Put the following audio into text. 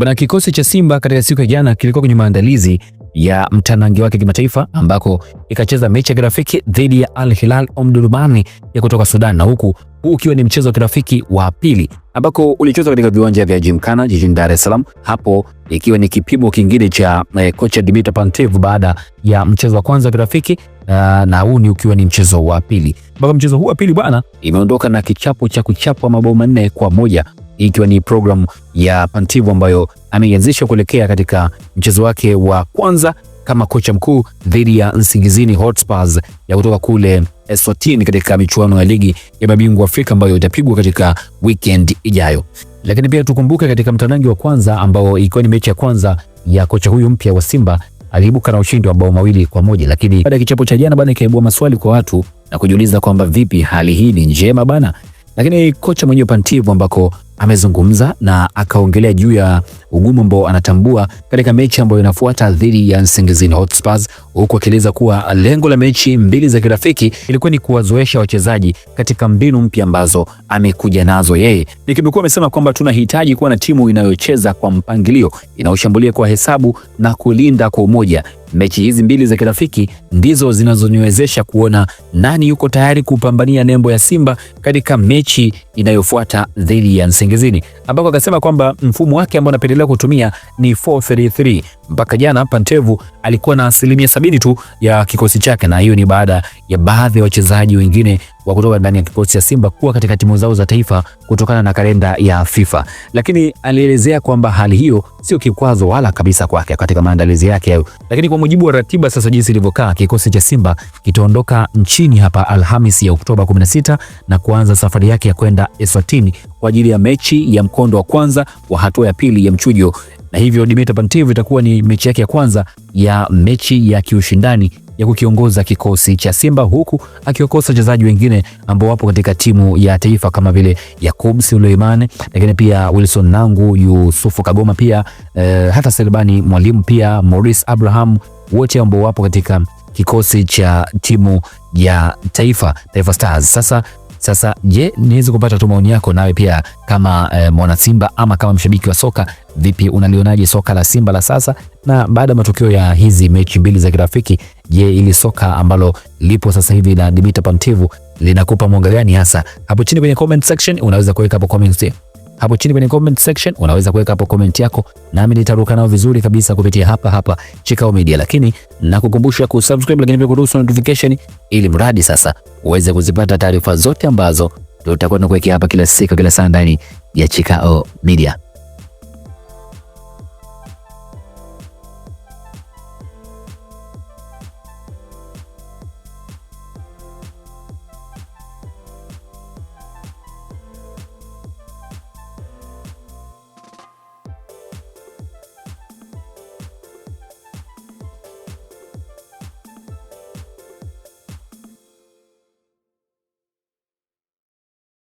Bwana, kikosi cha Simba katika siku ya jana kilikuwa kwenye maandalizi ya mtanange wake kimataifa ambako ikacheza mechi ya kirafiki dhidi ya Al Hilal Omdurman ya kutoka Sudan, na huku huu ukiwa ni mchezo wa kirafiki wa pili ambako ulichezwa katika viwanja vya Gymkhana jijini Dar es Salaam, hapo ikiwa ni kipimo kingine cha eh, kocha Dimitar Pantev baada ya mchezo wa kwanza wa kirafiki uh, na huu ni ukiwa ni mchezo wa pili, ambako mchezo huu wa pili bwana imeondoka na kichapo cha kuchapwa mabao manne kwa moja ikiwa ni programu ya Pantivo ambayo ameianzisha kuelekea katika mchezo wake wa kwanza kama kocha mkuu dhidi ya Nsingizini Hotspurs ya kutoka kule Eswatini katika michuano ya ligi ya mabingwa Afrika ambayo itapigwa katika weekend ijayo. Lakini pia tukumbuke katika mtanangi wa kwanza ambao ilikuwa ni mechi ya kwanza ya kocha huyu mpya wa Simba aliibuka na ushindi wa bao mawili kwa moja, lakini baada ya kichapo cha jana bana, ikaibua maswali kwa watu na kujiuliza kwamba vipi, hali hii ni njema bana? Lakini kocha mwenyewe Pantivo ambako amezungumza na akaongelea juu ya ugumu ambao anatambua katika mechi ambayo inafuata dhidi ya Nsingizini Hotspurs, huku akieleza kuwa lengo la mechi mbili za kirafiki ilikuwa ni kuwazoesha wachezaji katika mbinu mpya ambazo amekuja nazo yeye. nikimekuwa amesema kwamba tunahitaji kuwa na timu inayocheza kwa mpangilio, inayoshambulia kwa hesabu na kulinda kwa umoja. Mechi hizi mbili za kirafiki ndizo zinazoniwezesha kuona nani yuko tayari kupambania nembo ya Simba katika mechi inayofuata dhidi ya Nsingizini, ambako akasema kwamba mfumo wake ambao anapendelea kutumia ni 433. Mpaka jana Pantevu alikuwa na asilimia sabini tu ya kikosi chake, na hiyo ni baada ya baadhi ya wachezaji wengine wa kutoka ndani ya kikosi cha Simba kuwa katika timu zao za taifa kutokana na kalenda ya FIFA, lakini alielezea kwamba hali hiyo sio kikwazo wala kabisa kwake katika maandalizi yake hayo. Lakini kwa mujibu wa ratiba sasa jinsi ilivyokaa, kikosi cha Simba kitaondoka nchini hapa alhamis ya Oktoba 16 na kuanza safari yake ya kwenda Eswatini kwa ajili ya mechi ya mkondo wa kwanza wa hatua ya pili ya mchujo na hivyo Dimitar Pantev itakuwa ni mechi yake ya kwanza ya mechi ya kiushindani ya kukiongoza kikosi cha Simba huku akiokosa wachezaji wengine ambao wapo katika timu ya taifa kama vile Yakub Suleiman, lakini pia Wilson Nangu, Yusufu Kagoma pia e, hata Selbani Mwalimu pia Maurice Abraham, wote ambao wapo katika kikosi cha timu ya taifa Taifa Stars. Sasa sasa je, niweze kupata tu maoni yako nawe pia kama e, eh, mwana Simba ama kama mshabiki wa soka, vipi unalionaje soka la Simba la sasa na baada ya matokeo ya hizi mechi mbili za kirafiki Je, ili soka ambalo lipo sasa hivi la Dimitar Pantev linakupa mwanga gani hasa? Hapo chini kwenye comment section unaweza kuweka hapo comments Hapo chini kwenye comment section unaweza kuweka hapo comment yako, nami nitaruka nao vizuri kabisa kupitia hapa hapa Chikao Media, lakini nakukumbusha kusubscribe, lakini pia kuruhusu notification, ili mradi sasa uweze kuzipata taarifa zote ambazo tutakuwa tunakuwekea hapa kila siku, kila saa ndani ya Chikao Media.